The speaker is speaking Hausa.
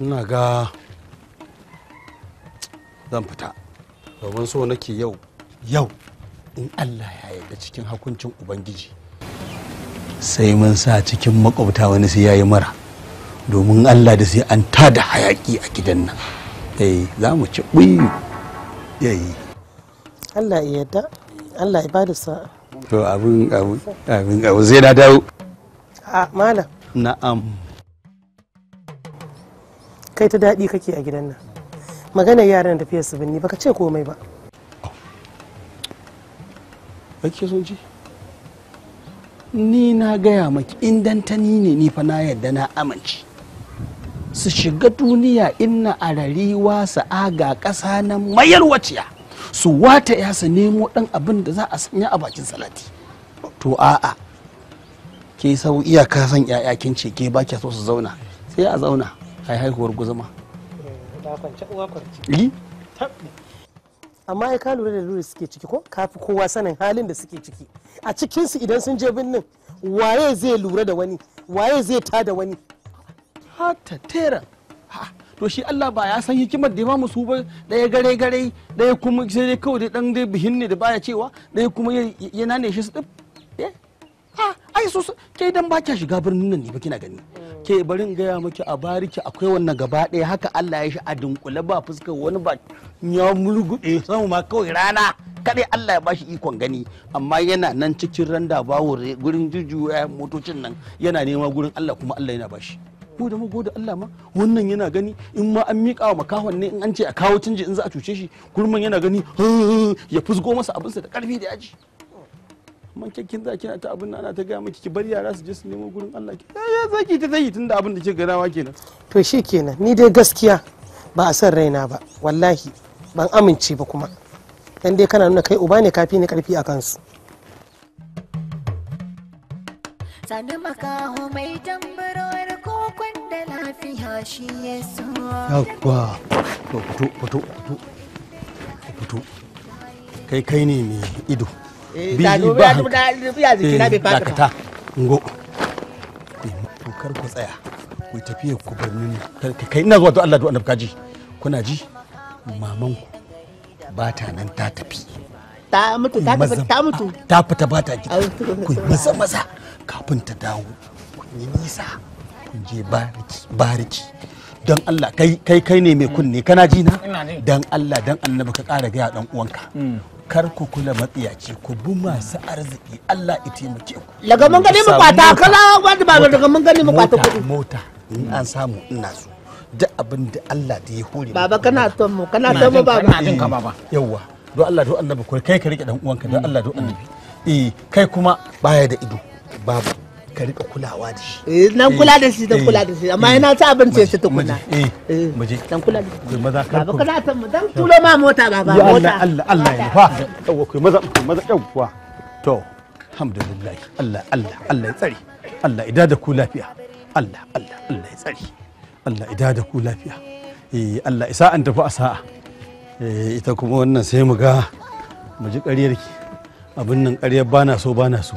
ina ga zan fita domin so nake yau yau in allah ya yarda cikin hakuncin ubangiji sai mun sa cikin makwabta wani sai ya yi mara domin allah da sai an tada hayaki a gidan nan eh za mu ci ɓuyi yayi eh. allah ya yarda allah ya bada sa'a to abin abin abin zai na dawo a malam na'am kai ta daɗi kake a gidan nan magana yaran da tafiyar su binni baka ce komai ba ake ji ni na gaya maki in ta ni ne ni fa na yadda na amince su shiga duniya inna a rariwa su aga ƙasa na mayar waciya su wata ya su nemo ɗan abin da za a sanya a bakin salati to a'a ke sau iyaka son 'ya'ya kin ce ke ba so su zauna sai a zauna ai haihuwar guzuma eh, amma ya ka lura da lura suke ciki ko kafi kowa sanin halin da suke ciki a cikinsu idan sun je birnin waye zai lura da wani waye zai ta da wani hata tera to shi Allah ba ya san hikimar da ya mamu su ba daya gare gare daya kuma sai dai kawai da dan dai bihin ne da baya cewa daya kuma yana ne shi su din eh ha ai su kai dan ba kya shiga birnin nan ne ba kina gani ke bari in gaya miki a bariki akwai wannan gaba ɗaya haka Allah ya shi a dunkule ba fuska wani ba ya murguɗe sama ma kawai rana kaɗai Allah ya bashi ikon gani amma yana nan cikin randa bawo gurin jujjuya motocin nan yana nema gurin Allah kuma Allah yana bashi mu da mu gode Allah ma wannan yana gani in ma an miƙa wa makahon ne in an ce a kawo canji in za a cuce shi kurman yana gani ya fusgo masa abinsa da ƙarfi da yaji man kin za kina ta abin ana ta gaya miki ki bar yara su je su nemo gurin Allah ki eh, ya zaki ta zaki tunda abin da ke ganawa kenan to shi kenan ni dai gaskiya ba a san raina ba wallahi ban amince ba kuma dan dai kana nuna kai uba ne kafi ni karfi a kansu sani makaho mai tambarowar kokon da lafiya shi ya yawwa fito fito fito kai kai ne mai ido Eh, biyu ba eh, dakata ngo to eh, kar ku tsaya ku tafiya ku bar ni kai ina zuwa to Allah to annabka ji kuna ji maman ku ba ta nan ta tafi ta mutu ta ta mutu ta fita ba ta gida ku maza maza kafin ta dawo ku yi nisa ku je bariki bariki don Allah kai kai ne mai kunne kana ji na dan Allah dan annabi ka ƙara ga dan uwanka hmm. kar ku kula matsiyaci ku bi masu arziki Allah ya taimake ku daga mun gani mu kwata kala wanda ba daga mun gani mu kwata kudi mota in an samu ina so duk abin da Allah da ya hore baba kana son mu kana son mu baba ina jin ka baba yawa don Allah don annabi kai ka rike dan uwanka don mm. Allah don annabi eh kai kuma baya da ido babu ka rika kulawa da shi nan eh, kula da shi nan eh, kula da shi amma yana ta abinci ya ta kula eh muje dan eh, kula da shi maza ka baba kana mu dan tulo ma mota ba. mota Allah Allah Allah ya fa yawa kai maza kai maza yawa to alhamdulillah Allah Allah Allah ya tsare Allah ida da ku lafiya Allah Allah Allah ya tsare Allah ida da ku lafiya eh Allah isa an tafi a sa'a eh ita kuma wannan sai mu ga mu ji ki. abin nan ƙaryar bana so bana so